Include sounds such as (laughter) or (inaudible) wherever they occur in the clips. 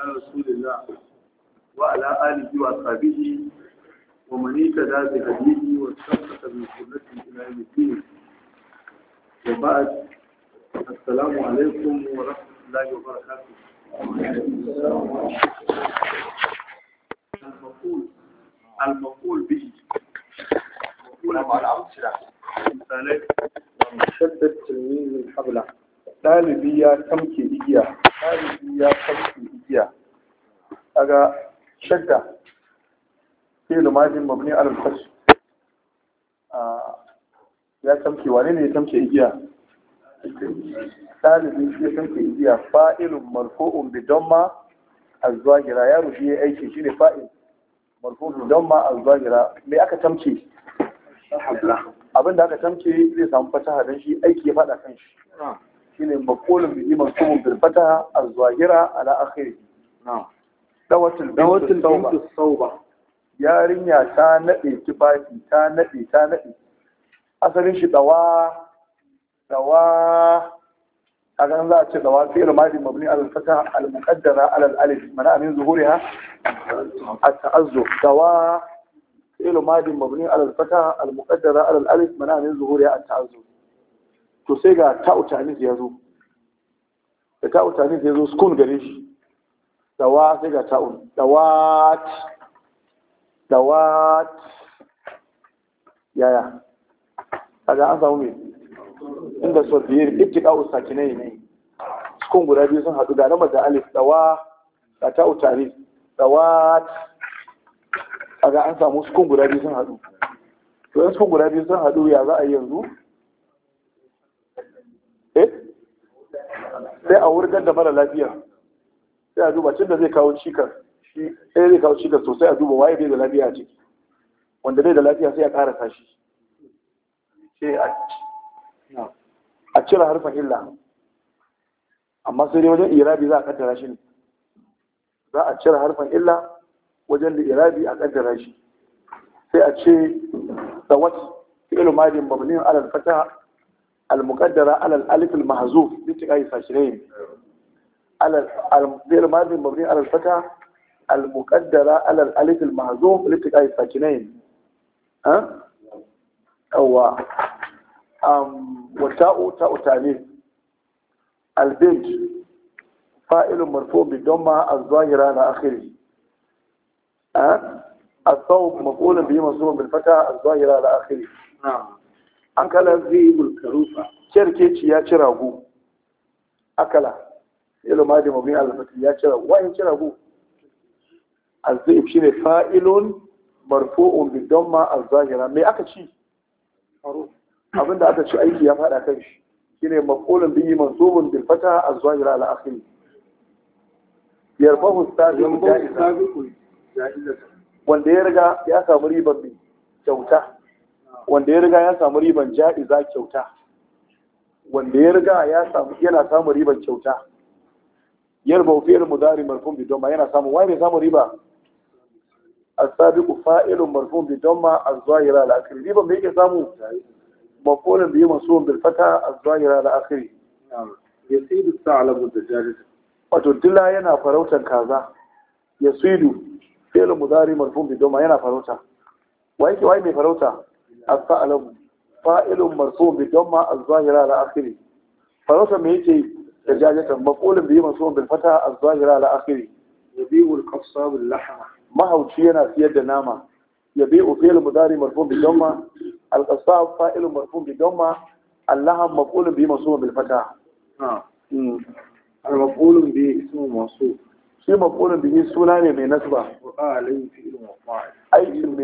على رسول الله وعلى آله وأصحابه ومن اهتدى بهديه واستمسك بسنته إلى يوم الدين وبعد السلام عليكم ورحمة الله وبركاته المقول المقول به مقول مع الأمثلة مثالين ومشدد تلميذ الحبلة ɗalibi ya tamke igiya ɗalibi ya kamke igiya kaga shagga ke madin mabni ala ya tamke wani ne ya igiya ɗalibi shi ya tamke igiya fa'ilun bidon bi a zuwa gira ya rufi ya aiki shi ne fa'il bidon bi a zuwa gira me aka tamke abin da aka tamke zai samu fasaha dan shi aiki ya faɗa kan shi shine maqulun bihi mansubun bil fataha az-zahira ala akhirih na'am dawatul dawatul bintu sauba yarinya ta nade tufafi ta nade ta nade asalin shi dawa dawa a ganin za a ce dawa fi ilmadi mabni al fata al muqaddara ala al alif mana min zuhuriha a ta'azzur dawa fi ilmadi mabni ala al fata al muqaddara ala al alif mana min zuhuriha a ta'azzur to sai ga ta'u ta'anis ya zo da ta'u ta'anis ya zo sukun gare shi dawa sai ga ta'un dawat dawat yaya kaga an samu me inda sofiyar ittiqa'u sakinai ne sukun guda biyu sun haɗu ga na da alif dawa ga ta'u ta'anis dawat kaga an samu sukun guda biyu sun haɗu to sukun guda biyu sun haɗu ya za a yi yanzu sai a wurgar da mara lafiya sai a duba cin da zai kawo cikar shi ɗaya eh, zai kawo cikar sosai a duba waye bai da lafiya a ciki wanda bai da lafiya sai a ƙara sashi sai a cire harfa illa amma sai dai wajen irabi za a kaddara shi ne za a cire harfa illa wajen da irabi a kaddara shi sai a ce da wata fi'il babanin alal fataha المقدرة على الألف المحذوف أي فاشلين على الفعل الماضي المبني على الفتح المقدرة على الألف المحذوف أي فاشلين ها أو أم وتاء تاء تأليف البنت فاعل مرفوع بالضمة الظاهرة على آخره ها الثوب مفعول به منصوب بالفتح الظاهرة على آخره نعم An kala akala zibul karufa kerkeci ya ci ragu akala yalo ma da mabin alfati ya ci ragu wani ci rago shi shine fa'ilun marfo'un bidon ma a zahira me aka ci abinda aka ci aiki ya fada kan shi shine maqulun bihi mansubun bil fata az-zahira ala akhir yarfahu as-sabiqu ja'iza wanda ya riga ya samu riban bi kyauta wanda ya riga ya samu riban ja'iza kyauta wanda ya riga ya samu yana samu riban kyauta yarba fi'il mudari marfun bi dhamma yana samu wai bai samu riba as-sabiqu fa'ilun marfun bi dhamma az-zahira la akhir riban da yake samu maqulun bi mansubun bil fata az-zahira la akhir yasidu sa'labu dajjal wato dilla yana farautan kaza yasidu fi'il mudari marfun bi dhamma yana farauta wai ke wai mai farauta الفعلم فائل مرسوم بالضمة الظاهرة على آخره فرسم ما يجي دجاجة مفعول مرسوم بالفتحة الظاهرة على آخره يبيع القفصة باللحمة ما هو تشينا في يد نامة يبيع فعل المداري مرسوم بالضمة القصاب فائل مرسوم بالضمة اللحم مقول بي مرسوم بالفتحة ها المقول بي اسم مرسوم شي مقول بي سنة من نسبة وقال لي فعل وفاعل aikin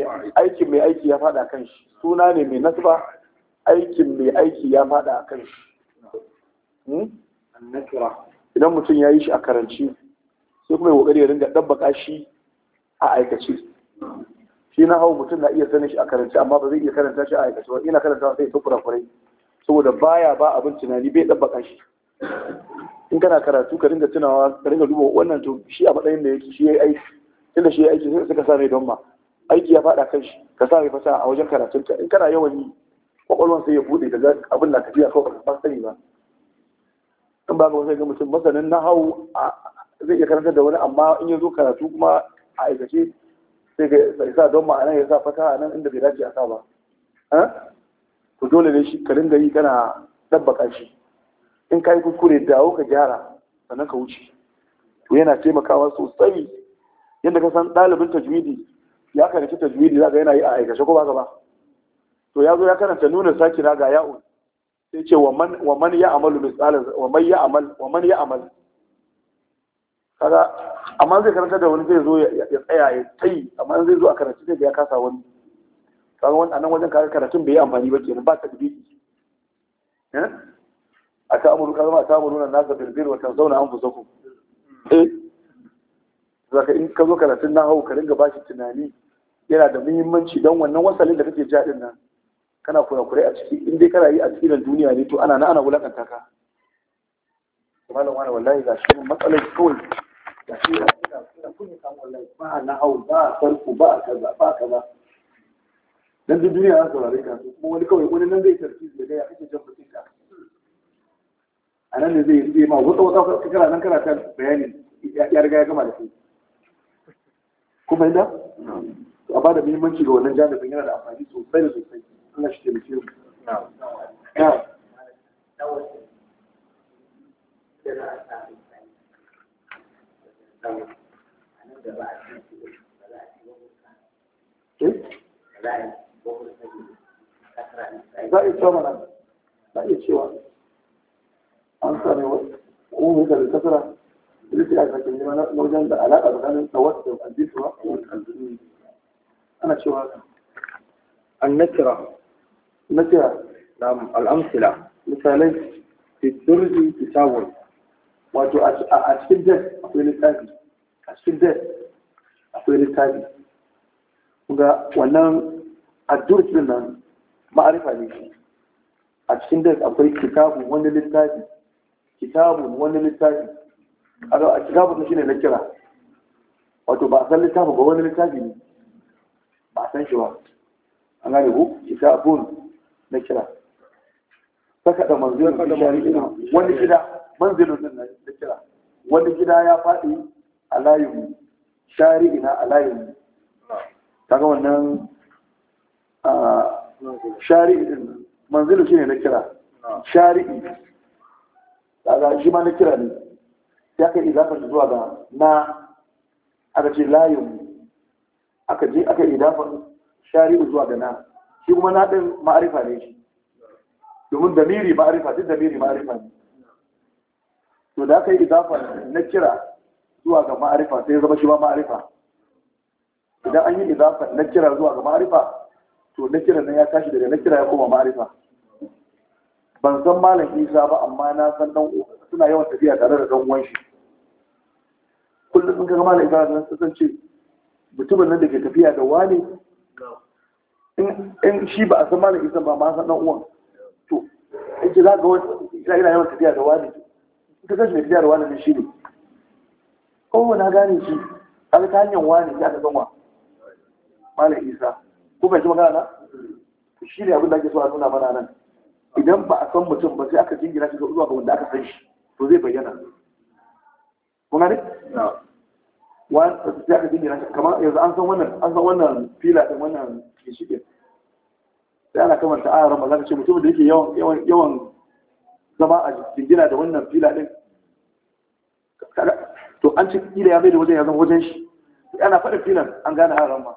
mai aiki ya fada kan shi suna ne mai nasba aikin mai aiki ya fada kan shi hmm? idan mutum ya yi shi a karanci sai kuma ya kokari ya ringa dabbaka shi a aikace shi na hau mutum na iya sanin shi a karanci, amma ba zai iya karanta shi a aikace ba ina karanta sai ta kurakurai saboda baya ba abin tunani bai dabbaka shi in kana karatu ka ringa tunawa ka ringa duba wannan to shi a matsayin da yake shi ya yi aiki tunda shi ya yi aiki sai suka sa mai don ma aiki ya faɗa kan shi ka sa mai fasaha a wajen karatun ka in kana yawan yi kwakwalwan sai ya bude da za abin na a kawai ba sani ba in ba ga ga mutum masanin na hau zai iya karantar da wani amma in ya zo karatu kuma a aikace sai ga sa don ma'ana ya sa fata a nan inda bai dace a sa ba eh? to dole ne shi ka dinga yi kana dabbaka shi in ka yi kuskure dawo ka gyara sannan ka wuce to yana taimakawa sosai yadda ka san ɗalibin tajwidi ya karanta tajwidi ga yana yi a aikace ko ga ba to ya zo ya karanta saki sakina ga ya'un sai ce wa man ya amalu misalan wa man ya amal wa man ya amal kaga amma zai karanta da wani zai zo ya tsaya ya tai amma zai zo a karanta sai ya kasa wani kaga wani anan wajen kaga karatun bai yi amfani ba kenan ba ta dubi eh a ta amuru kaga ma ta amuru nan nasa birbir wa tanzauna ku eh zaka in ka zo karatun hau ka ringa shi tunani yana da muhimmanci don wannan wasalin da kake jaɗin nan kana kurakurai a ciki in dai kana yi a cikin duniya ne to ana na ana wulakanta ka malam wani wallahi ga shi matsalar kawai ga shi ya kuna kuna kan wallahi ba na hau ba a sarku ba a kaza ba a kaza dan duk duniya za saurare ka kuma wani kawai wani nan zai tarfi da ga ya kake jan bakin ka a nan ne zai yi ma wata wata kana nan kana ta bayani ya riga ya gama da kai kuma inda a ba da muhimmanci ga wannan janibin yana da amfani sosai da sosai Allah shi taimake mu eh? za a yi mana za a iya cewa an sami da kasara ليس على فكرة ما نوجد علاقة بين التوسل والذكر wato a cikin def akwai littafi a cikin def akwai littafi ga wannan addurk din nan ma'arifa ne shi a cikin def akwai kitabun wani littafi kitabun wani littafi kaga a kitabun ne na kira wato ba a san littafin ba wani littafi ne ba a san shi ba an gane ku kitabun na kira saka da manzilin shari'ina wani gida manzilin din na kira wani gida ya faɗi a layin shari'ina a layin kaga wannan shari'i din manzilin shine na kira shari'i kaga shi ma na kira ne ya aka yi idafar zuwa ga na aka ce layin aka je aka yi idafar shari'u zuwa ga na shi kuma na ɗin ma'arifa ne shi domin damiri ma'arifa duk damiri ma'arifa ne to da aka yi idafar na kira zuwa ga ma'arifa sai ya zama shi ma ma'arifa idan an yi idafar na kira zuwa ga ma'arifa to na kira nan ya tashi daga na kira ya koma ma'arifa ban san malam isa ba amma na san dan suna yawan tafiya tare da dan uwan shi kullum in ka gama da ibada nan sun ce mutumin nan da ke tafiya da wane in shi ba a san malam isa ba ma san dan uwan to in ji za ka wani ina yawan tafiya da wane ka san shi mai tafiya da wane shi ne kowa na gane shi an ta hanyar wane ya ka zama malam isa ko bai ji magana na shi ne abin da ake so a nuna mana nan idan ba a san mutum ba sai aka jingina shi zuwa ga wanda aka san shi to zai bayyana kuma ne sai aka jingina shi kamar yanzu an san wannan an san wannan fila din wannan gishiƙin sai ana kamar ta ayar maza ce mutumin da yake yawan yawan zama a jingina da wannan fila din to an ci kila ya mai da wajen ya zama wajen shi ana faɗin filan an gane ayar ma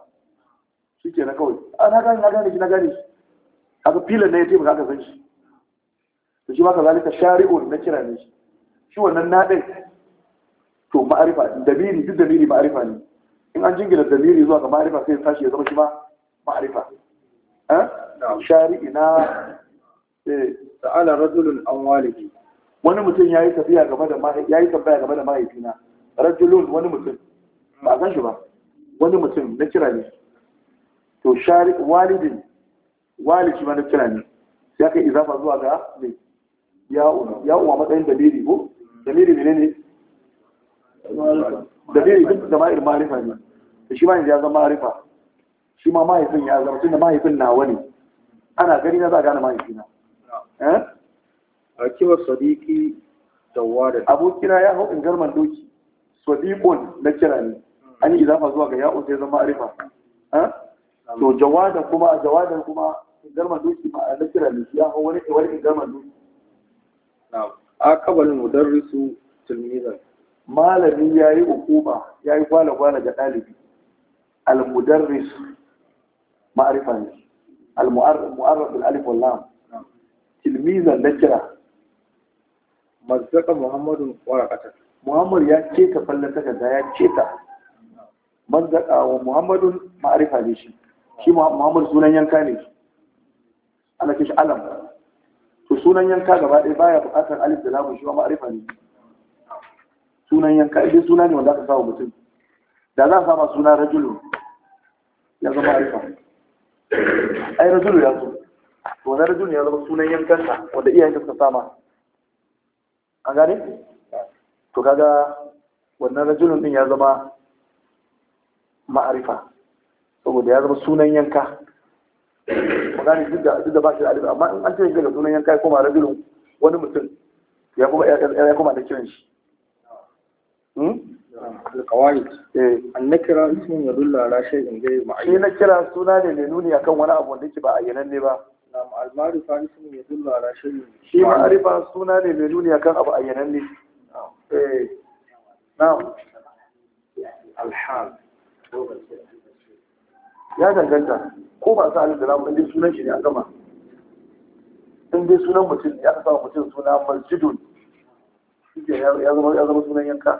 shi ke na kawai a ah, na gane na gane shi na gane shi aka filan na ya taimaka ka san shi to shi ma ka zalika shari'un na kira ne shi shi wannan na ɗin to ma'arifa dabiri, duk dabiri ma'arifa ne in an jingina dabiri zuwa ga ma'arifa sai tashi ya zama shi ma ma'arifa eh? shari'i na ta'ala eh, rajulun an walidi wani mutum ya yi tafiya game da ya yi tambaya game da mahaifina rajulun wani mutum ba san shi ba wani mutum na kira ne to shari walidin walid ma na kira ne sai aka izafa zuwa ga mai ya'u ya'u a matsayin dabiri ko dabiri menene da zai duk da ma'ir ma'arifa ne da shi ma yanzu ya zama ma'arifa shi ma mahaifin ya zama tunda mahaifin nawa ne ana gani na za a gane mahaifina eh? akibar sadiki tawadar abokina ya hau in garman doki sadiqun na kira ne an yi izafa zuwa ga ya'un sai zama arifa eh? to jawadan kuma jawadan kuma in garman doki ma na kira ne ya hau wani wani in garman doki na akabalin mudarrisu tilmizan malami ya yi hukuma ya yi gwale-gwale ga ɗalibi al-mudarris ma'arifan al-mu'arraf al-alif wal-lam tilmizan kira mazzaka muhammadu warakata muhammadu ya ce ta fallata kaza ya ce ta mazzaka wa muhammadu ma'arifa ne shi shi Muhammadu sunan yanka ne ana kishi alam to sunan yanka gaba ɗaya baya buƙatar alif da lamun shi wa ma'arifa ne sunan yanka idan suna ne wanda aka sa mutum da za a sama suna rajulu ya zama arifa. ai rajulu ya zo to na rajulu ya zama sunan yankansa wanda iyayenka suka sama an gane to kaga wannan rajulun din ya zama ma'arifa saboda ya zama sunan yanka magani duk da duk da ba shi da amma in an ce ga sunan yanka ya koma rajulun wani mutum ya kuma ya kuma da kiran shi Hmm? Eh. shi na kira suna ne mai nuni akan wani abu da ke ba ayyanan ne ba shi ma'arifa suna ne mai nuni akan abu ayyanan ne eh. ya danganta ko ba sa halin da zama inda sunan shi ne a gama inda sunan mutum ya kasa mutum suna maljidun ya zama sunan yanka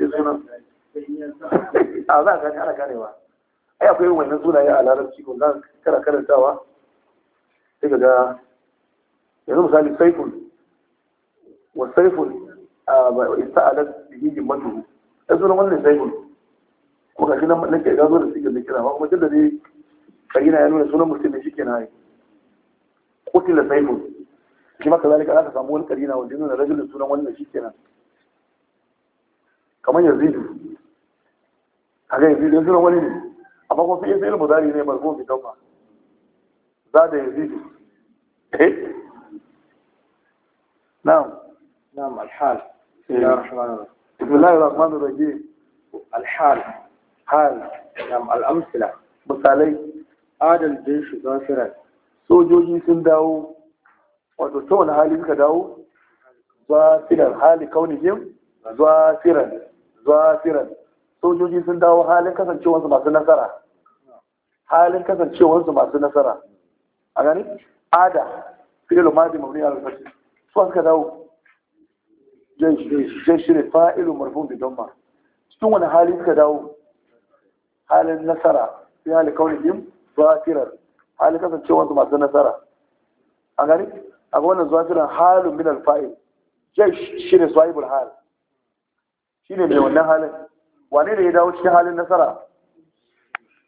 da sunan a za ka kana ganewa ai akwai wannan sunaye a larabci ko zan kana karantawa sai ga yanzu misali saiful wa saiful ista'alat bihi jimmatuhu ai sunan wannan saiful ko ga shi nan nake gazo da sigar da kira ba kuma tunda dai karina ya nuna sunan mutum ne shikenan ai qutila saiful shi ma kazalika ka samu wani karina wanda yana rajulun sunan wannan shikenan kamar yanzu a ga yanzu yanzu wani ne amma kuma fiye fiye mudari ne margo bi dauka za da yanzu eh na'am na'am alhal بسم الله الرحمن الرحيم الحال حال نعم الأمثلة مثالي هذا الجيش ظافرا سوجوجي سنداو وتسون حالي كداو ظافرا حالي كونهم ظافرا zafiran sojoji sun dawo halin kasancewarsu masu nasara halin kasancewarsu masu nasara a gani ada filo madi mabni al fath su suka dawo jan shirin fa'ilu marfun don ma. cikin wani hali suka dawo halin nasara sai hali kaunihim zafiran halin kasancewarsu masu nasara a gani a wannan zafiran halin min al fa'il jan shirin sahibul hal shi ne mai wannan halin wane da ya dawo cikin halin nasara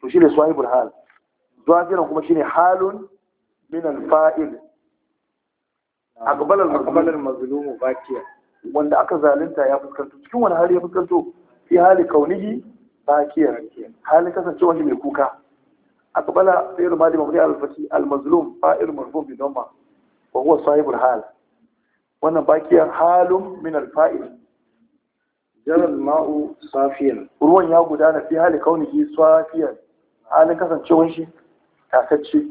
to shi ne swahibul hal zuwa kuma shi ne halun minan fa'il akbalar akbalar mazlumu bakiya wanda aka zalunta ya fuskanto cikin wani hali ya fuskanto fi hali kaunihi bakiya Hali kasance wani mai kuka akbala sai yi rumadi al-fati al-mazlum fa'il marfu bi dhamma wa huwa sahibul hal wannan bakiya halun minan fail jaral ma'u safiyan ruwan ya gudana fi hali kauni kaunihi safiyan halin kasancewar shi takacce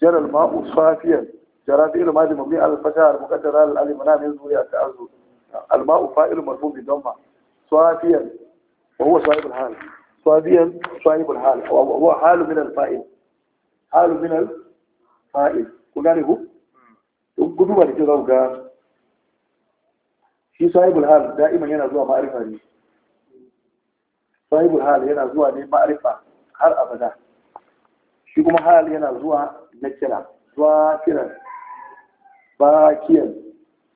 jaral ma'u safiyan jara fi ilma da mabni al fata al muqaddara al alim na min zuri ta azu Alma'u ma'u fa'il marfu don ma. safiyan wa huwa sahib hal safiyan sahib hal wa huwa hal min al fa'il hal min al ku gane ku hmm. duk gudu ba da ke zauga shi sahibul hal da'iman yana zuwa ma'arifa ne sahibul hal yana zuwa ne ma'arifa har abada shi kuma hal yana zuwa na kira swafiran bakiyan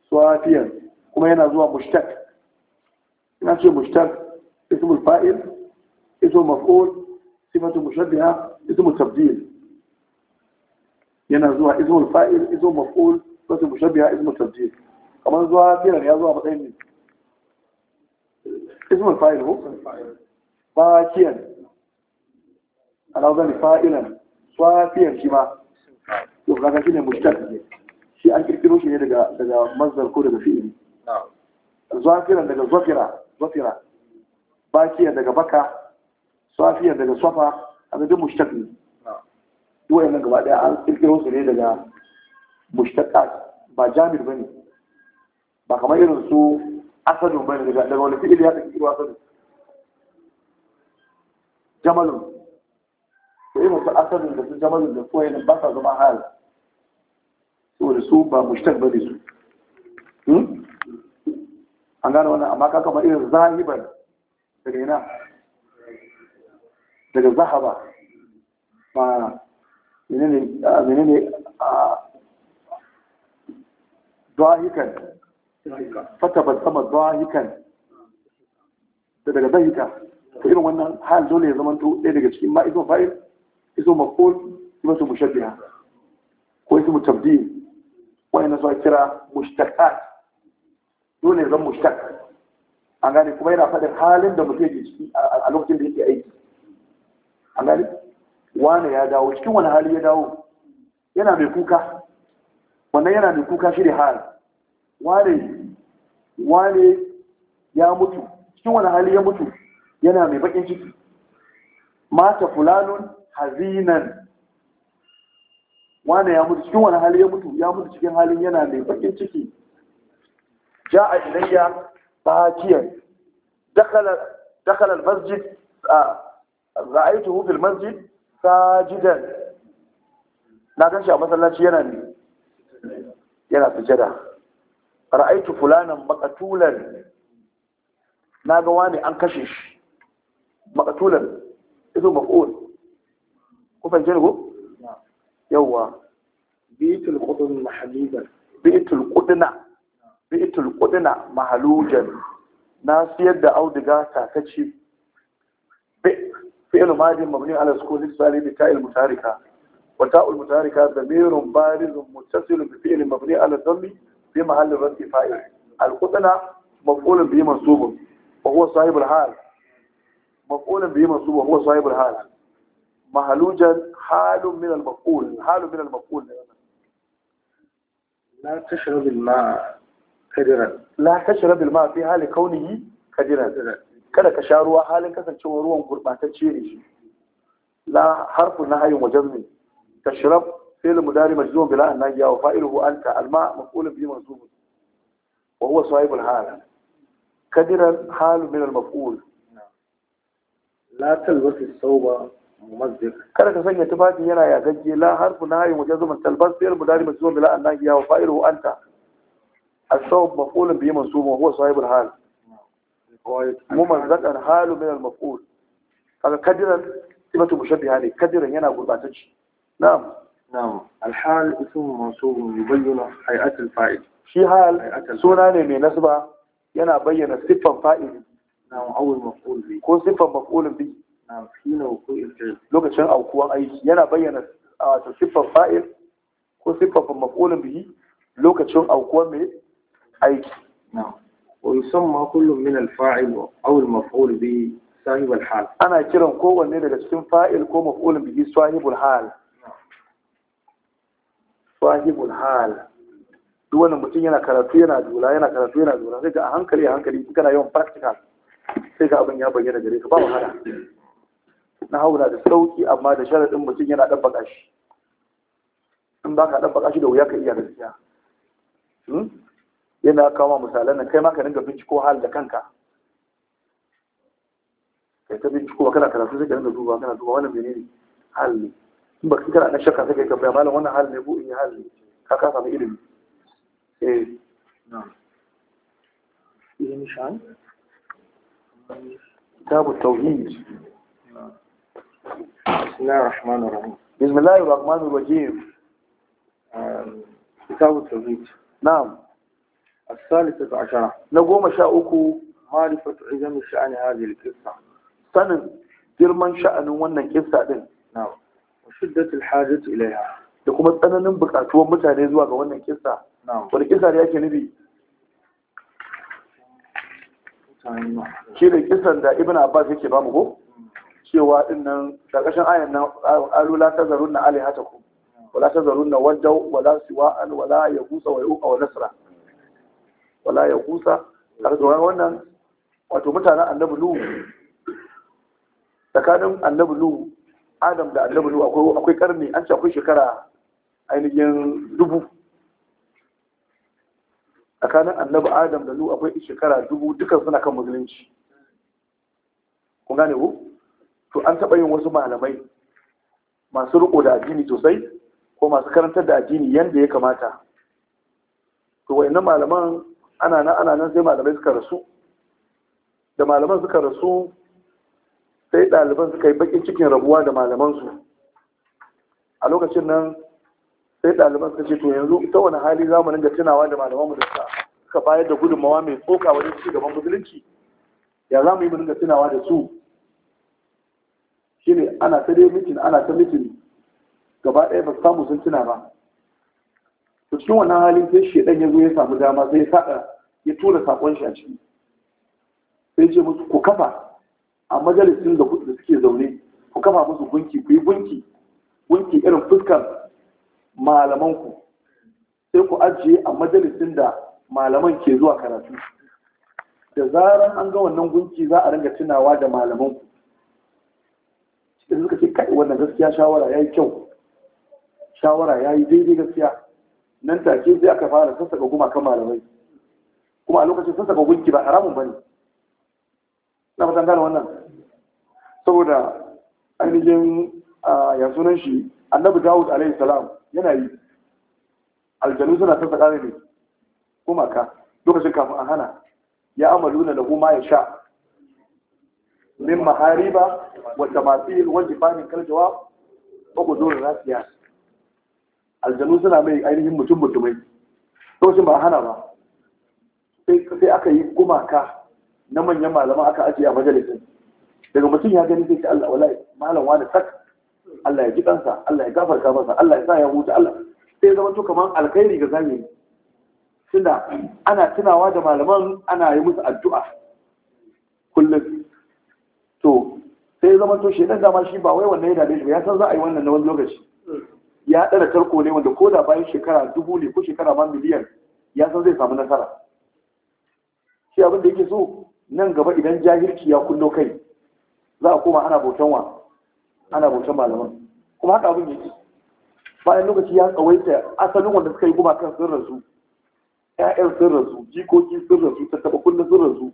swafiyan kuma yana zuwa mushtaq ina ce mushtaq ismul fa'il ismul maf'ul sifatu mushabbiha ismul tabdil yana zuwa ismul fa'il ismul maf'ul sifatu mushabbiha ismul tabdil kamar zuwa firar ya zuwa matsayin ne ismul fa'il ko bakiyan zane fa'ilan swafiyan shi ma to kaga ne mushtaq shi an kirkiro shi ne daga daga mazdar ko daga Zuwa zafiran daga zafira zafira bakiyan daga baka swafiyan daga safa a duk mushtaq ne wayannan gaba daya an kirkiro su ne daga mushtaqat ba jamir bane ba kamar irin su asadun bane daga daga wani fi'ili ya tafi kiro asadun jamalun da irin su asadun da su jamalun da su wani basa sa zama hal saboda su ba mushtaq bane su hmm? an gane wannan amma ka kamar irin zahibar daga yana, daga zahaba ba menene menene a zahikan fata ba sama zahikan da daga zahika to irin wannan hal dole ya zamanto ɗaya daga cikin ma izo fa'il izo maf'ul izo su mushabbiha ko izo mutabdi wani na kira mushtaqat dole ya zama mushtaq an gane kuma yana faɗin halin da mutum yake ciki a lokacin da yake aiki an gane Wani ya dawo cikin wani hali ya dawo yana mai kuka wannan yana mai kuka shi da hal Wani. wane ya mutu cikin wani hali ya mutu yana mai bakin ciki mata fulanun hazinan wane ya mutu cikin wani hali ya mutu ya mutu cikin halin yana mai bakin ciki ja a ilayya bakiyar Dakalar masjid a ra'aituhu fil masjid sajidan na gan shi a masallaci yana ne yana sujada ra'aitu fulanan maqatulan naga wani an kashe shi maqatulan izo maf'ul ku fahimce ko yawa bi'tul qudun mahlujan bi'tul qudna bi'tul qudna mahlujan na siyar da auduga takaci fi'il madin mabni ala sukun lisali bi ta'il mutarika wa ta'ul mutarika dhamirun barizun muttasilun bi fi'il mabni ala dhammi في محل رفع فاعل القتلى مفعول به منصوب وهو صاحب الحال مفعول به منصوب وهو صاحب الحال مهلوجا حال من المفعول حال من المفعول لا تشرب الماء كدرا لا تشرب الماء في حال كونه كدرا kada ka sha ruwa halin kasancewar ruwan gurbatacce ne shi la harfu na hayin wajen ne tashrab فعل مداري مجزوم بلا أن نجا وفائله أنت الماء مفعول به مجزوم وهو صاحب الحال كدر الحال من المفعول لا تلبس الثوب ممزق كانك سنة تفاتي هنا يا جدي لا حرف نهائي مجزوم تلبس فعل مداري مجزوم بلا أن نجا وفائله أنت الثوب مفعول به مجزوم وهو صاحب الحال ممزق الحال من المفعول هذا كدر صفة مشبهة لك كدر هنا قربان نعم نعم الحال اسم منصوب يبين هيئة الفاعل شي حال سونا ne mai nasba yana bayyana siffan fa'il na'am awul maf'ul bi ko siffan maf'ul bi na'am shine wuqu'il fi'l lokacin aukuwan aiki yana bayyana wato siffan fa'il ko siffan maf'ul bi lokacin aukuwan mai aiki na'am wa yusamma kullu min al-fa'il aw al-maf'ul bi sahib al-hal ana kiran kowanne daga cikin fa'il ko maf'ul bi sahib al-hal sahibul hal duk wani mutum yana karatu yana dula yana karatu yana dula sai ga a hankali a hankali kana yawan practical sai ga abin ya bayyana gare ka ba wahala na hau da sauki amma da sharaɗin mutum yana ɗan bakashi in ba ka ɗan bakashi da wuya ka iya gaskiya hmm? yana kama misalan nan kai ma ka dinga binciko hal da kanka kai ta binciko kana karatu sai ka dinga duba kana duba wannan menene hal ne ba su kira na shakka suka yi gabbaya malam wannan hal ne ko in yi hal ne ka ka samu ilimi eh ilimi shan kitabu tauhid bismillahir rahmanir rahim bismillahir rahmanir rahim um, kitabu tauhid na'am الثالثة عشرة نقوم شاء shiddatul hajat ilaiha da kuma tsananin bukatuwar mutane zuwa ga wannan kissa wani kissa da yake nufi shi kissan da ibn abbas yake ba mu ko cewa din nan karkashin ayan nan alu la tazarun na alihatakum wala tazarun na wajau wala an wala yaqusa wa yuqa wa nasra wala yaqusa karkashin wannan wato mutanen annabulu lu tsakanin annabi adam da annabi nuhu akwai akwai karni an ce akwai shekara ainihin dubu tsakanin annabi adam da nu akwai shekara dubu dukan suna kan musulunci kun gane ku to an taɓa yin wasu malamai masu riko da addini sosai ko masu karantar da addini yadda ya kamata to wayannan malaman ana nan ana nan sai malamai suka rasu da malaman suka rasu sai ɗaliban suka yi bakin cikin rabuwa da malamansu a lokacin nan sai ɗaliban suka ce to yanzu ta wani hali zamanin da tunawa da malamanmu da suka bayar da gudunmawa mai tsoka wajen ci gaban musulunci ya za mu yi mu tunawa da su shine ana ta dai mitin ana ta mitin gaba ɗaya ba su samu sun tuna ba to cikin wannan hali sai shaidan ya zo ya samu dama sai ya saɗa ya tura saƙon shi a ciki sai ce musu ku kafa a majalisun da kudu da suke zaune ku kafa musu gunki ku yi gunki gunki irin fuskar malamanku sai ku ajiye a majalisun da malaman ke zuwa karatu da zaran an ga wannan gunki za a ringa tunawa da malamanku cikin suka ce kai wannan gaskiya shawara ya yi kyau shawara ya yi daidai gaskiya nan take sai aka fara sassaka gumakan malamai kuma a lokacin sassaka gunki ba haramun ba ne na fatan gane wannan saboda ainihin ya sunan shi annabi dawud alayhi salam yana yi aljanu suna ta tsakanin ne ka, lokacin kafin a hana ya na da kuma ya sha min mahariba wa tamasil wa jifanin kaljawa wa gudurin rasiya aljanu suna mai ainihin mutum mutumai lokacin ba a hana ba sai aka yi kuma ka na manyan malama aka ajiye a majalisin daga mutum ya gani zai ce Allah wala malam wani tak Allah ya ji kansa Allah ya gafarta masa Allah ya sa ya huta Allah sai zama to kamar alkhairi ga zamani tunda ana tunawa da malaman ana yi musu addu'a kullum to sai zama to dan dama shi ba wai wannan yana da shi ba ya san za a yi wannan na wani lokaci ya ɗara tarko ne wanda ko da bayan shekara dubu ne ko shekara ma miliyan ya san zai samu nasara shi abin da yake so nan gaba idan jahilci ya kullo kai za a koma ana bautan wa ana bautan malaman kuma haka abin yake bayan lokaci ya tsawaita asalin wanda suka yi kan sun rasu ƴaƴan sun rasu jikoki sun rasu tattaɓa kullum sun rasu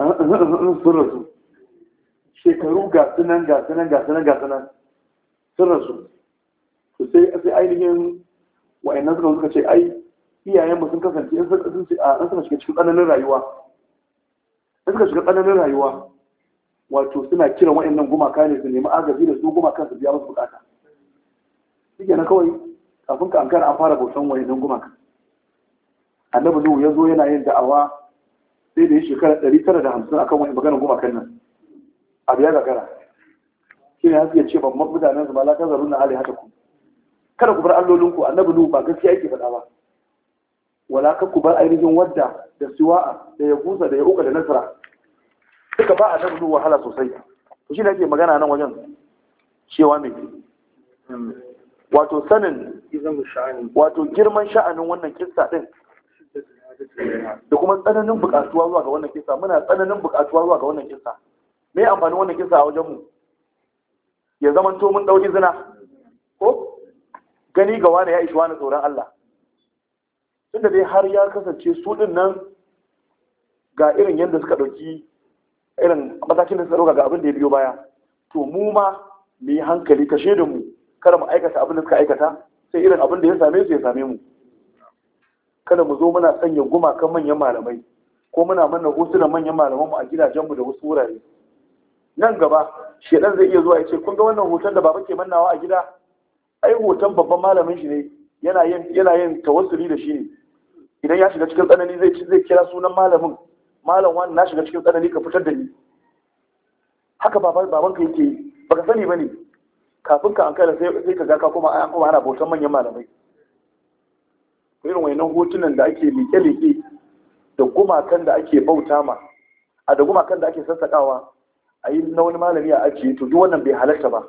(laughs) sun rasu shekaru ga sunan ga sunan ga sunan ga sunan sun rasu to sai sai ainihin wa'annan suka suka ce ai iyayen mu sun kasance sun sun a suka shiga cikin tsananin rayuwa suka shiga tsananin rayuwa wato suna kiran wa'annan gumaka ne su nemi agaji da su gumakan su biya musu bukata shi na kawai kafin ka ankara an fara bautan wa'annan gumaka annabi nuhu ya zo yana yin da'awa sai da ya shekara ɗari tara da hamsin akan wani maganar gumakan nan abu ya gagara shi ne hasken ce babban mutanen su malaka zaru na hali haka ku kada ku bar allolinku annabi nuhu ba gaskiya yake faɗa ba wala ka ku bar ainihin wadda da siwa'a da ya busa da ya uka da nasara suka ba a nan zuwa wahala sosai to shi da ake magana nan wajen cewa mai wato sanin wato girman sha'anin wannan kista din da kuma tsananin bukatuwa zuwa ga wannan kista muna tsananin bukatuwa zuwa ga wannan kista me amfanin wannan kista a wajen mu ya zama to mun dauki zina ko gani ga wani ya ishi wani tsoron Allah tunda dai har ya kasance su din nan ga irin yadda suka dauki irin matakin da suka ɗauka ga abin da ya biyo baya to mu ma mu yi hankali kashe da mu kada mu aikata abin da suka aikata sai irin abin da ya same su ya same mu kada mu zo muna sanya gumakan manyan malamai ko muna manna hotunan manyan malaman mu a gidajenmu da wasu wurare nan gaba shedan zai iya zuwa ya ce kun ga wannan hoton da baba ke mannawa a gida ai hoton babban malamin shi ne yana yin yana yin tawassuli da shi ne idan ya shiga cikin tsanani zai zai kira sunan malamin malam wani na shiga cikin tsanani ka fitar da ni haka baban ka yake yi baka sani ba ne kafin ka ankara sai ka ga kuma an kuma ana bautan manyan malamai irin wayannan hotunan da ake leke-leke da gumakan da ake bauta ma a da gumakan da ake sassaƙawa a yi na wani malami a ajiye to duk wannan bai halarta ba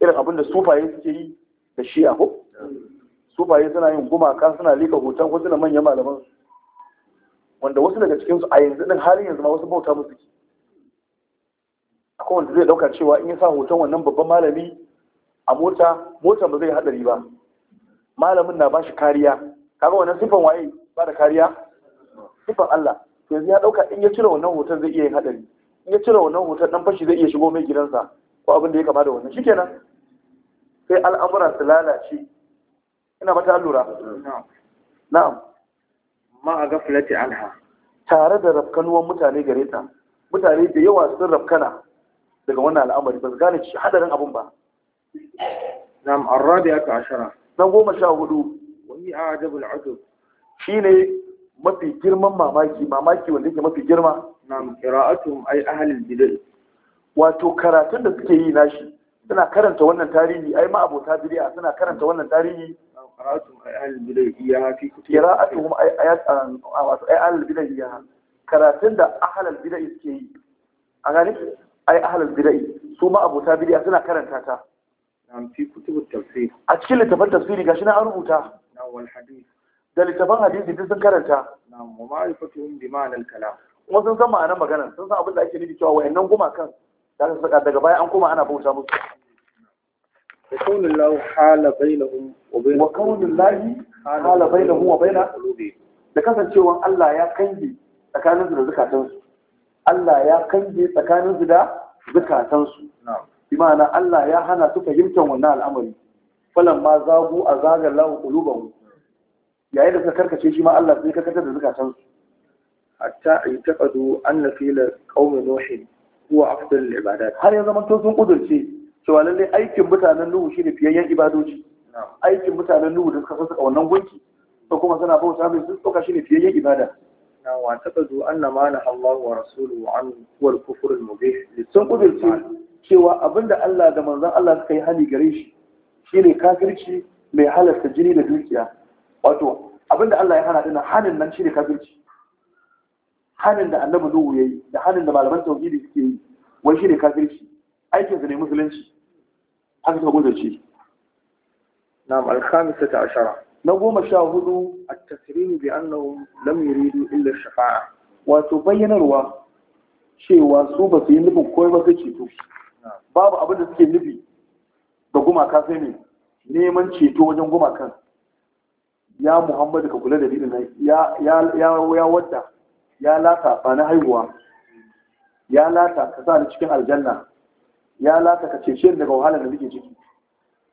irin abin da sufaye suke yi da shi a ko sufaye suna yin gumaka suna liƙa hoton hotunan manyan malaman wanda wasu daga cikinsu a yanzu ɗin halin yanzu ma wasu bauta musu ke akwai wanda zai ɗauka cewa in ya sa hoton wannan babban malami a mota mota ba zai haɗari ba malamin na ba shi kariya kaga wannan siffan waye ba da kariya siffan Allah to yanzu ya ɗauka in ya cire wannan hoton zai iya yin haɗari in ya cire wannan hoton ɗan fashi zai iya shigo mai gidansa ko abin da ya kama da wannan shikenan sai al'amura su lalace ina ba ta lura na'am ma a gafilati anha tare da rafkanuwan mutane gare ta mutane da yawa sun rafkana daga wannan al'amari ba su gane shi hadarin abin ba nam arrabi aka ashara na goma sha hudu wani a ajabul adab ne mafi girman mamaki mamaki wanda yake mafi girma nam qira'atum ay ahlul bid'ah wato karatun da suke yi nashi suna karanta wannan tarihi ai ma abota bid'a suna karanta wannan tarihi qira'atuhum ay ahlul bid'ah fi kutub qira'atuhum ay ayat wato ay ahlul bid'ah karatun da ahlul bid'ah suke yi a gani ay ahlul bid'ah su ma abota bid'ah suna karanta ta nam fi kutub tafsir a cikin littafin tafsiri gashi na an rubuta na wal hadith da littafin hadisi duk sun karanta nam wa ma'rifatuhum bi ma'anal kalam kuma sun san ma'anar magana sun san abin da ake nufi cewa wayannan gumakan da aka saka daga baya an koma ana bauta musu وكون الله حال بينهم وبين وكون الله حال بينهم وبين قلوبهم da cewa Allah ya kange tsakaninsu da zukatansu Allah ya kange tsakaninsu da zukatansu bi ma'ana Allah ya hana su fahimtar wannan al'amari falan ma zagu a zagar lahu qulubahu yayin da suka karkace shi ma Allah sai karkatar da zukatansu hatta itaqadu anna fil qaumi nuhin huwa afdal al ibadat har ya zaman to sun kudurce cewa lallai aikin mutanen nuhu shi ne fiyayyen ibadoci aikin mutanen nuhu da suka sassa wannan gunki ko kuma suna bauta mai sun tsoka shi ne fiyayyen ibada wa taɓa zuwa an nama na Allah wa Rasulu wa an kuwar kufurin mube sun ƙudurce cewa abinda Allah da manzan Allah suka yi hali gare shi shi ne kafirci mai halarta jini da dukiya wato abinda Allah ya hana dina hanin nan shi ne kafirci hanin da annabi nuhu ya yi da hanin da malaman tauhidi suke yi wai shi ne kafirci aikin su ne musulunci haka ka gudu Na na'am al ta ashara na goma sha hudu at-tasrimi bi nau lam yuridu illa shafa'a wato bayyanarwa cewa su ba su yi nufin kawai ba sai ceto babu abin da suke nufi da gumaka sai ne neman ceto wajen gumakan ya muhammadu ka kula da dinin nan ya wadda ya lata ba na haihuwa ya lata ka sa ni cikin aljanna ya lata ka cece daga wahalar da muke ciki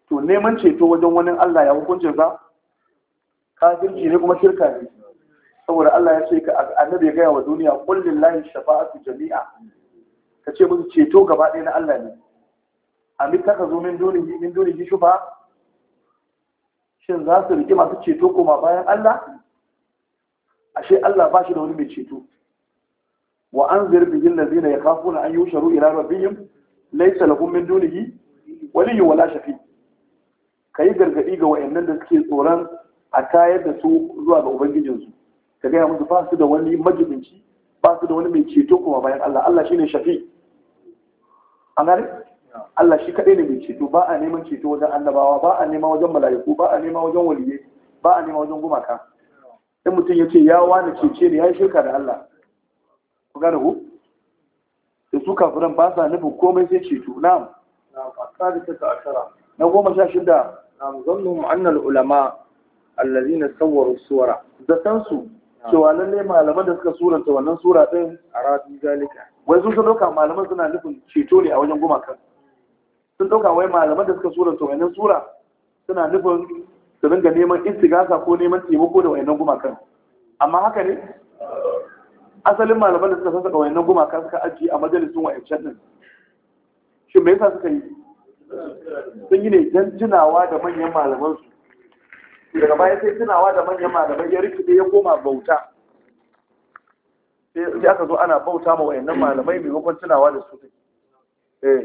to neman ceto wajen wani Allah ya hukuncin Ka kafirci ne kuma shirka ne saboda Allah ya ce ka annabi ya gaya wa duniya qul lillahi shafa'atu jami'a ka ce musu ceto gaba ɗaya na Allah ne amin ka zo min dunihi min dunihi shufa shin za su riƙe masu ceto koma bayan Allah ashe Allah ba shi da wani mai ceto wa anzir bihi allazina yakhafuna an yusharu ila rabbihim laisa lahum min dunihi waliyyu wala shafi kai gargadi ga wayannan da suke tsoron a tayar da su zuwa ga ubangijinsu ka gaya musu ba su da wani majibinci ba su da wani mai ceto kuma bayan Allah Allah shine shafi an gane Allah shi kadai ne mai ceto ba a neman ceto wajen annabawa ba a nema wajen mala'iku ba a nema wajen waliyyi ba a nema wajen gumaka in mutum ya ce ya wani cece ne ya yi shirka da Allah ku gane ku da su kafiran ba sa nufin komai sai ceto na'am na goma sha shida na zannu annal ulama allazina sawwaru suwara da san su cewa lalle malaman da suka suranta wannan sura din aradu zalika wai sun dauka malaman suna nufin ceto ne a wajen gumakan sun dauka wai malaman da suka suranta wannan sura suna nufin su dinga neman istigasa ko neman taimako da wannan gumakan amma haka ne asalin malaman da suka san saka wayannan gumaka suka ajiye a majalisun wa'ancan din shi me yasa suka yi sun yi ne don tunawa da manyan malaman su daga baya sai tunawa da manyan malaman ya rikide ya koma bauta sai aka zo ana bauta ma wayannan malamai maimakon tunawa da su take eh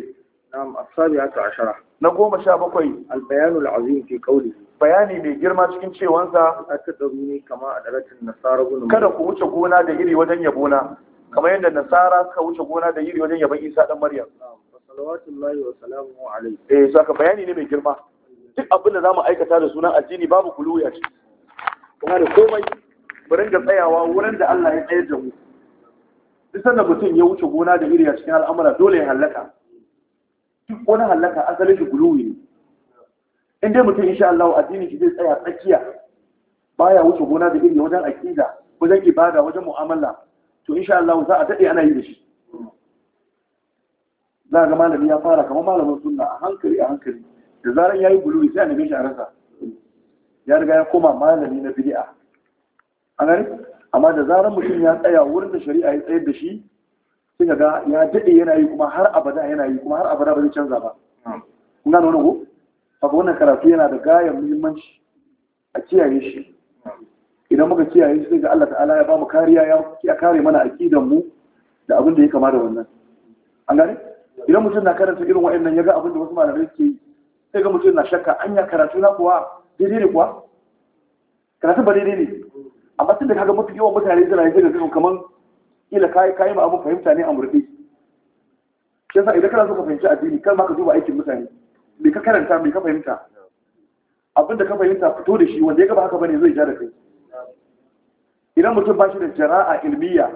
na'am asali haka ashara na goma sha bakwai albayanul azim fi qawli bayani mai girma cikin cewansa atadruni kama a adalatin nasara gunum kada ku wuce gona da iri wajen yabona kamar yadda nasara suka wuce gona da iri wajen yabon isa dan maryam salawatullahi wa salamuhu alayhi eh saka bayani ne mai girma duk abin da zamu aikata da sunan addini babu kuluya ce kuma da komai mu ringa tsayawa wurin da Allah ya tsayar da mu duk sanda mutum ya wuce gona da iri a cikin al'amura dole ya halaka ko na halaka asalin shi guluwi ne in dai mutum insha Allah addinin shi zai tsaya tsakiya baya wuce gona da iri wajen aqida wajen ibada wajen mu'amala to insha Allah za a dade ana yi da shi za ga malami ya fara kamar malamin sunna a hankali a hankali da zaran yayi guluwi sai annabi shi a rasa ya riga ya koma malami na bid'a a gani amma da zaran mutum ya tsaya wurin da shari'a ya tsayar da shi sai ga ya dade yana yi kuma har abada yana yi kuma har abada ba zai canza ba kuma na wannan ko haka wannan karatu yana da gayar muhimmanci a kiyaye shi idan muka kiyaye shi sai ga Allah ta'ala ya ba mu kariya ya kare mana aqidan mu da abin da ya kama da wannan an gane idan mutum na karanta irin wa'annan ya ga abin da wasu malamai ke yi sai ga mutum na shakka an ya karatu na kuwa daidai ne kuwa karatu ba daidai ne amma tun da kaga mutum yawan mutane suna yin irin kaman kila kai kai ma abu fahimta ne a murɗe shi yasa idan kana so ka fahimci addini kar ma ka duba aikin mutane me ka karanta me ka fahimta abin da ka fahimta fito da shi wanda ya gaba haka bane zai ja kai idan mutum ba shi da jara'a ilmiya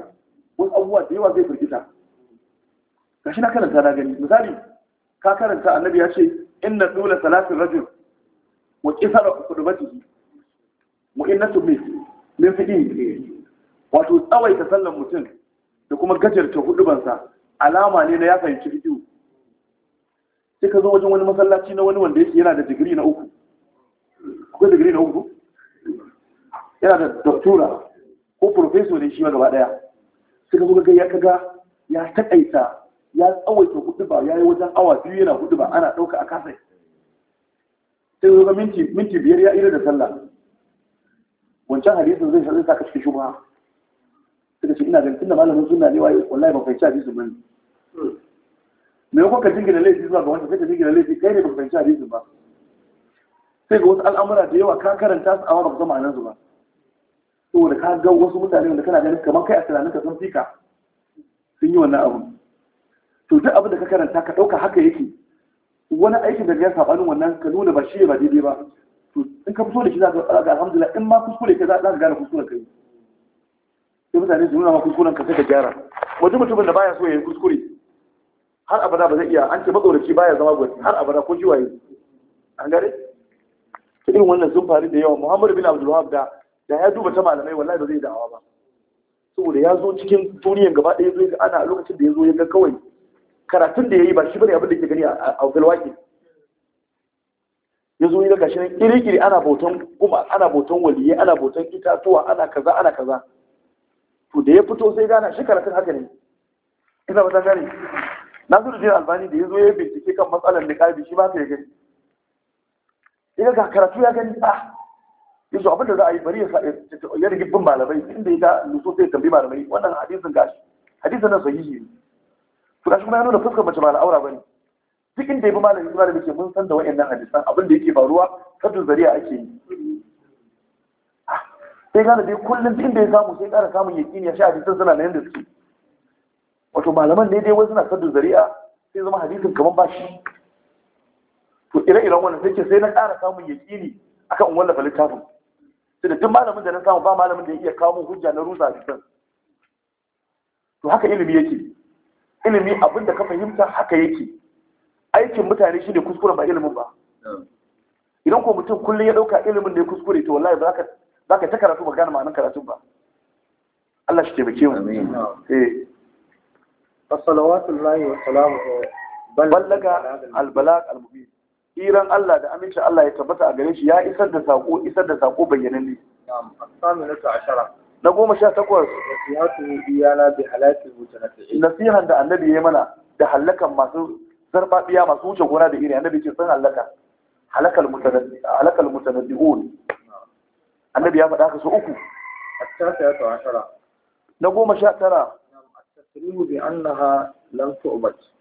wasu abubuwa da yawa zai firgita gashi na karanta na gani misali ka karanta annabi ya ce inna dole salatin rajul wa kisara kudubatihi mu'innatu min min fiqi wato tsawaita sallan mutum da kuma gajarta hudubansa alama ne na ya fahimci biyu. sai ka zo wajen wani masallaci na wani wanda yake yana da digiri na uku kuka digiri na uku yana da doktora ko profesor ne shi ma gaba daya sai ka zo ga ya kaga ya takaita ya tsawaita hudu ya yi wajen awa biyu yana huduba ana ɗauka a kasai sai zo ga minti biyar ya ira da sallah wancan hadisin zai sa ka cikin shubha ce ina ganin tunda malamin sunna ne waye wallahi ba fahimci hadisin ba ne me ko ka jingina laifi zuwa ga wanda sai jingina laifi kai ne ba fahimci hadisin ba sai ga wasu al'amura da yawa ka karanta su a wani ba zama nan ba saboda ka ga wasu mutane wanda kana ganin kamar kai a tunanin ka sun fika sun yi wannan abu to duk abin da ka karanta ka ɗauka haka yake wani aikin da ya sabanin wannan ka nuna ba shi ba daidai ba in ka fito da shi za ka alhamdulillah in ma kuskure ka za ka gane kuskuren kai sai mutane su nuna ma kuskuren ka sai ka gyara wajen mutumin da baya so ya yi kuskure har abada ba zai iya an ce matsoraci baya zama gwani har abada ko jiwa yi an gare ta irin wannan sun faru da yawa muhammadu bin abdul wahab da da ya duba ta malamai wallahi ba zai da'awa ba saboda ya zo cikin duniyan gaba ɗaya zai ga ana lokacin da ya zo ya ga kawai karatun da ya yi ba shi bane abin da ke gani a galwaki ya zo ya ga gashi nan iri-iri ana bautan kuma ana bautan waliyai ana bautan itatuwa ana kaza ana kaza Ku da ya fito sai gana shi karatun haka ne ina ba ta gane nasiruddin albani da ya zo ya bincike kan matsalar niqabi shi ba ta ya gani ina ga karatu ya gani ah, ya zo abinda za a yi bari ya rigi bin malamai inda ya ga nuso sai tambayi malamai wannan hadisin gashi hadisin nan sahihi ne su gashi kuma ya nuna fuskar mace ba al'aura bane duk inda ya bi malami malami ke mun san da wa'annan hadisan abinda yake faruwa sabbin zariya ake yi sai gane dai kullum din da ya samu sai kara samun yaƙin ya sha hadisan suna na yadda suke wato malaman ne dai wasu na sadu zari'a sai zama hadisin kamar ba shi to ire-iren wannan sai ke sai na kara samun kan akan wallafa littafin sai da duk malamin da na samu ba malamin da ya iya kawo hujja na rusa hadisan to haka ilimi yake ilimi abin da ka fahimta haka yake aikin mutane shine kuskuren ba ilimin ba idan ko mutum kullum ya ɗauka ilimin da ya kuskure to wallahi ba za ka za ka ta karatu ba gane ma'anin karatun ba Allah shi taimake mu eh as-salawatullahi wa salamuhu ballaga al-balag al-mubin iran Allah da aminci Allah ya tabbata a gare shi ya isar da sako isar da sako bayyananne na'am as-saminatu ashara na goma sha takwas nasihatu iyana bi halaki mutanati nasihan da annabi ya mana da halakan masu zarbabiya masu wuce gona da iri annabi ce sun halaka halakal mutanaddiun annabi ya faɗa ka so uku na goma sha tara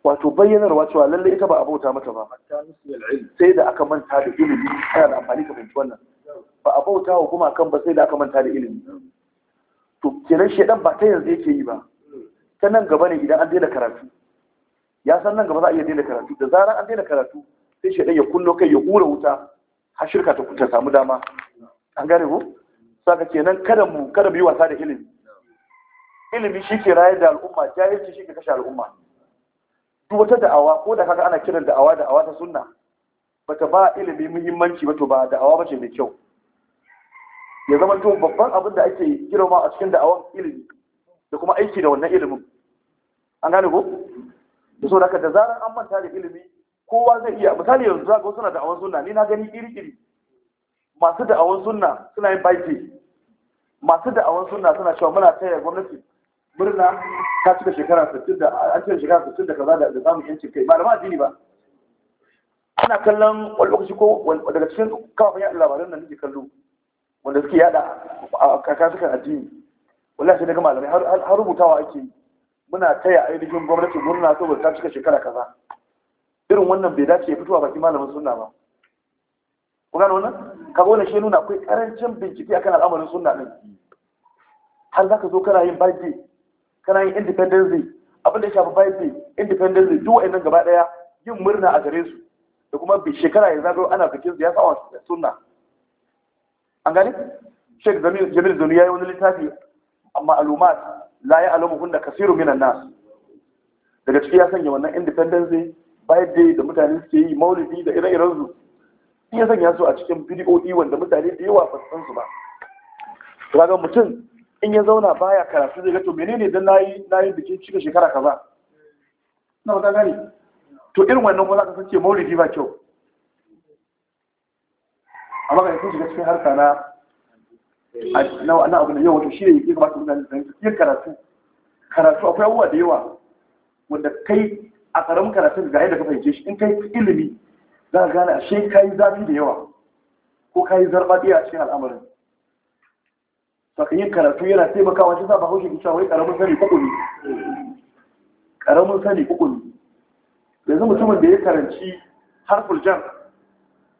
wato bayyanarwa cewa lallai ita ba a bauta mata ba sai da aka manta da ilimi ana da amfani ka fahimci wannan ba abota wa kuma kan ba sai da aka manta da ilimi to kenan shedan ba ta yanzu yake yi ba ta nan gaba ne idan an daina karatu ya san nan gaba za a iya daina karatu da zarar an daina karatu sai shedan ya kullo kai ya hura wuta har shirka ta samu dama an gane ku saka kenan kada mu kada mu yi wasa da ilimi ilimi shi ke rayar da al'umma jahilci shi ke kashe al'umma duk wata da'awa ko da kaga ana kiran da'awa da'awa ta sunna bata ba ilimi muhimmanci ba to ba da'awa ba ce mai kyau ya zama to babban abin da ake girma a cikin da'awan ilimi da kuma aiki da wannan ilimin an gane ku da so da zarar an manta da ilimi kowa zai iya misali yanzu zaka wasu na da'awan sunna ni na gani iri iri masu da'awun sunna suna yin baiti masu da'awun sunna suna cewa muna taya gwamnati murna ta cika shekara 60 da an cika shekara 60 da kaza da zamu yancin kai malama addini ba ana kallon wani lokaci ko daga cikin kafafen yaɗa labaran nan nake kallo wanda suke yaɗa a kasukan addini wallahi sai daga malamai har rubutawa ake yi muna taya ainihin gwamnati murna saboda ta cika shekara kaza irin wannan bai dace ya fito a malamin sunna ba ku gano wannan kaga shi nuna akwai karancin bincike akan al'amarin sunna din har zaka zo kana yin birthday kana yin independence abin da ya shafi birthday independence duk wa'annan gaba daya yin murna a gare su da kuma shekara ya zagayo ana bikin su ya sa sunna an gani Sheikh Jamil Zuni yi wani littafi amma alumat la ya alamu hunda kasiru minan nas daga ciki ya sanya wannan independence day da mutane suke yi maulidi da ire-iren su shi ya sanya su a cikin bidiyoyi wanda mutane da yawa ba san su ba kaga mutum in ya zauna baya karatu zai ga to menene dan nayi nayi biki cika shekara kaza na wata gari. to irin wannan kuma za ka sace maulidi ba kyau amma ga sun shiga cikin harka na na abu da yawa, wato shi ne ya kamata mutane da yin karatu karatu akwai abubuwa da yawa wanda kai a karamin karatu ga yadda ka fahimce shi in kai ilimi za ka gane ashe ka yi zafi da yawa ko ka yi zarbaɗi a cikin al'amarin saka yin karatu yana taimakawa shi za ba haushe ki cewa wai ƙaramin sani kukuli ƙaramin sani kukuli yanzu mutumin da ya karanci harful jan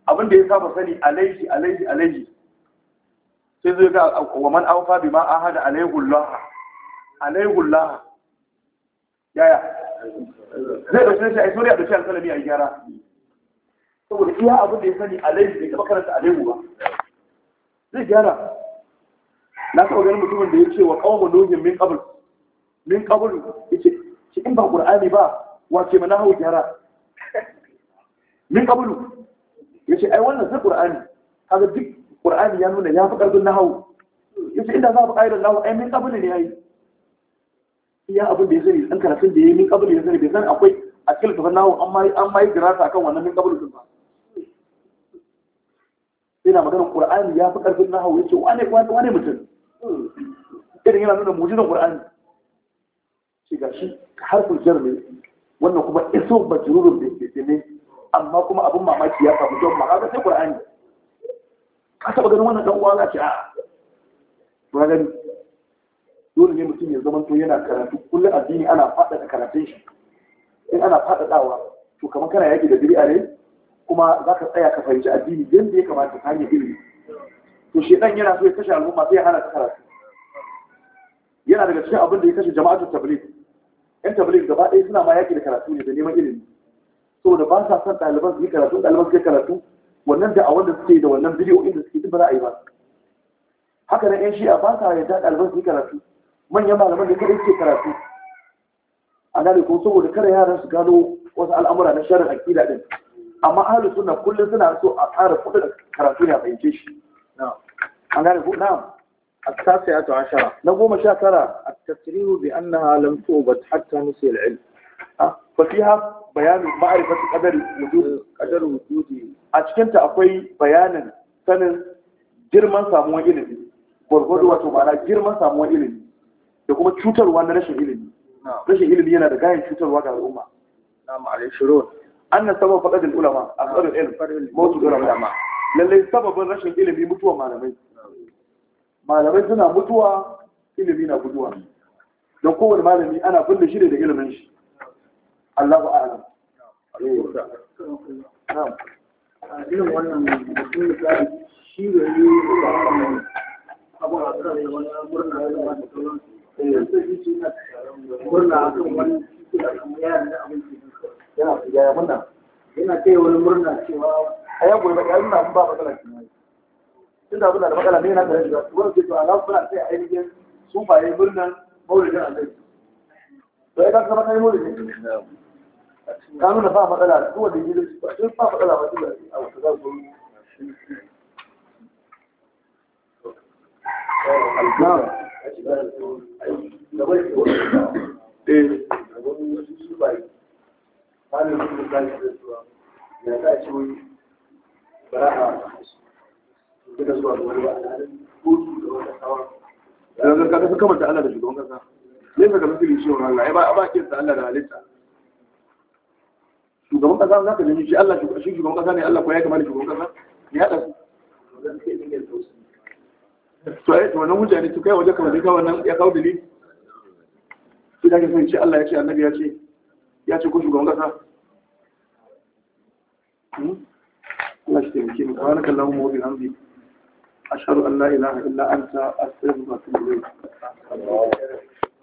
abin da ya saba sani alaihi alaihi alaihi sai zai ga wa man aufa bima ahada alaihullah alaihullah yaya zai da shi a yi suriya da shi alkalami a gyara saboda iya abin da ya sani da bai taɓa karanta laifin ba zai gyara na taɓa ganin mutumin da ya ce wa ƙawon nohin min ƙabul min ƙabul ya ce shi in ba ƙur'ani ba wace mana hau gyara min ƙabulu ya ce ai wannan sai ƙur'ani kaga duk ƙur'ani ya nuna ya fi ƙarfin na hau ya ce inda za a fi da na hau ai min ƙabulu ne ya yi iya abin da ya sani ɗan karatun da ya yi min ƙabulu ya sani bai san akwai a cikin tafin na hau an ma yi a kan wannan min ƙabulu sun ba yana maganar qur'ani ya fi karfin nahawu yace wane wane mutum irin yana nuna mujizan qur'ani shi ga shi harfin jar ne wannan kuma iso majrurun bi ne amma kuma abin mamaki ya samu don maka sai qur'ani ka taba ganin wannan dan uwa ce a ba gani dole ne mutum ya zama to yana karatu kullum addini ana faɗaɗa karatun shi in ana faɗaɗawa to kamar kana yaki da bid'a ne kuma za ka tsaya ka fahimci addini yadda ya kamata ta hanyar ilimi to shedan yana so ya kashe al'umma sai ya hana ta karatu yana daga cikin abin da ya kashe jama'atul tabligh yan tabligh gaba ɗaya suna ma yaki da karatu ne da neman ilimi saboda ba sa son ɗaliban su yi karatu ɗaliban su yi karatu wannan da a wanda suke da wannan bidiyo inda suke duk ba za a yi ba haka nan yan shi'a ba sa yadda ɗaliban su yi karatu manyan malaman da kaɗai suke karatu a gane ko saboda kada yaran su gano wasu al'amura na sharar aƙida ɗin amma ahlus suna kullum suna so a tsara kuɗi da karatu ne a fahimce shi an gane ko na'am التاسعة عشرة نقوم شاكرة التفسير بأنها لم توبت حتى نسي العلم ففيها بيان معرفة قدر وجود قدر وجود أشكنت akwai bayanin sanin girman samuwar ilimi, gwargwado wato ma'ana girman samuwar ilimi da kuma cutarwa na rashin ilimi rashin ilimi yana da gayan cutarwa ga al'umma na shirin anna sabon faqadul ulama a asarul ilm mautul ulama Lallai sababin rashin ilimi mutuwa malamai malamai suna mutuwa ilimi na guduwa don kowane malami ana kulle shi ne da ilimin shi Allahu a'lam irin wannan mutum misali shi da yi abu a tsara da wani murna ya zama da sauransu murna a kan wani cikin da kamar yaran da abinci yana ya murna yana kai wani murna cewa a ya goyi baki nuna mun ba matsala kenan tun da suna da matsala ne yana tare da su wani ke to Allah suna sai ainihin sufaye murnan maulidin annabi to ya ka zama maulidin ka nuna ba matsala duk wanda yi ba duk ba matsala ba duk a wata za su Na'am. halin su da da zuwa ya za a ce wani bara a duka zuwa da wani ba a kotu da wata kawa yanzu ka kasu kamar da Allah da shugaban kasa ne ka kasu kiri shiwon Allah ya ba a ba da Allah da halitta shugaban kasa za ka nemi shi Allah shi shugaban kasa ne Allah ko ya kamata shugaban kasa ne ya ɗasu to ai to wannan hujja to kai waje kamar dai ka wannan ya kawo dalili sai da ke sai ce Allah ya ce annabi ya ce ya ce ko shugaban kasa Allah shi taimake mu wa naka lahu mu bihamdi ashhadu an la ilaha illa anta astaghfiruka wa atubu ilayk